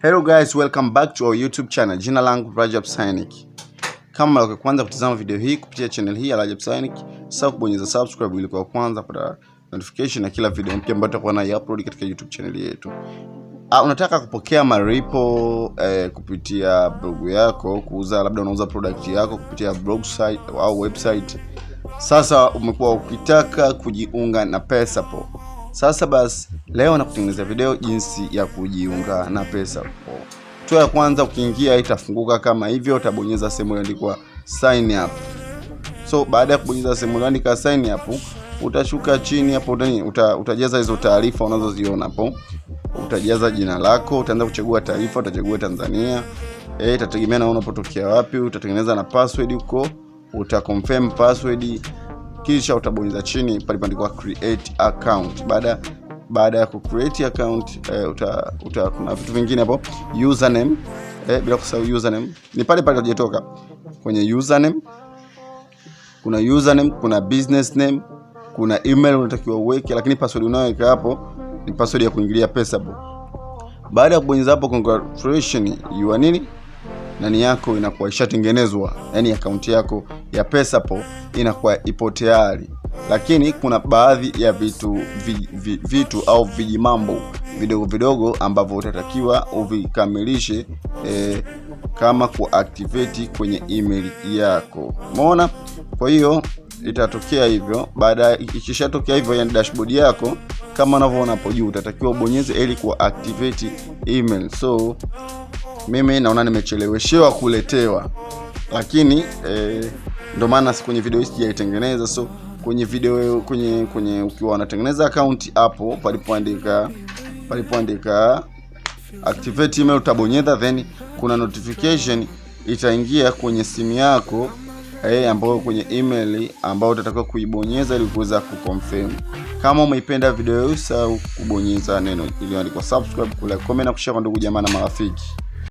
Hello guys, welcome back to our YouTube channel. Jina langu Rajab Synic. Kama mara ya kwanza kutazama video hii kupitia channel hii ya Rajab Synic, sasa kubonyeza subscribe ili kwa kwanza kupata notification ya kila video mpya ambayo tutakuwa nayo upload katika YouTube channel yetu. Ah, unataka kupokea malipo eh, kupitia blog yako, kuuza labda unauza product yako kupitia blog site au website. Sasa umekuwa ukitaka kujiunga na PesaPal. Sasa basi, leo nakutengeneza video jinsi ya kujiunga na PesaPal. Hatua ya kwanza, ukiingia itafunguka kama hivyo, utabonyeza sehemu iliyoandikwa sign up. So baada ya kubonyeza sehemu iliyoandikwa sign up, utashuka chini hapo, uta, utajaza hizo taarifa unazoziona hapo. Utajaza jina lako, utaanza kuchagua taarifa, utachagua Tanzania. Eh, itategemea na unapotokea wapi, utatengeneza na password huko, utaconfirm password kisha utabonyeza chini palipoandikwa create account. Baada baada ya ku create account eh, uta, uta, kuna vitu vingine hapo username eh, bila kusahau username ni pale pale ujetoka kwenye username. Kuna username, kuna business name, kuna email unatakiwa uweke, lakini password unayoweka hapo ni password ya kuingilia pesa hapo. Baada ya kubonyeza hapo congratulations, you are nini nani yako inakuwa ishatengenezwa, yani akaunti yako ya Pesapal inakuwa ipo tayari, lakini kuna baadhi ya vitu vi, vi, vitu au vijimambo vidogo vidogo ambavyo utatakiwa uvikamilishe eh, kama kuactivate kwenye email yako. Umeona? Kwa hiyo itatokea hivyo. Baada ya ikishatokea hivyo, yani dashboard yako kama unavyoona hapo juu, utatakiwa ubonyeze ili kuactivate email. So mimi naona nimecheleweshewa kuletewa, lakini eh, ndio maana kwenye video hii sijaitengeneza. So kwenye video kwenye kwenye ukiwa unatengeneza account hapo palipoandika palipoandika activate email utabonyeza, then kuna notification itaingia kwenye simu yako eh, ambayo kwenye email ambayo utatakiwa kuibonyeza ili kuweza kuconfirm. Kama umeipenda video hii, usahau kubonyeza neno iliyoandikwa subscribe, kulike, comment na kushare kwa ndugu jamaa na marafiki.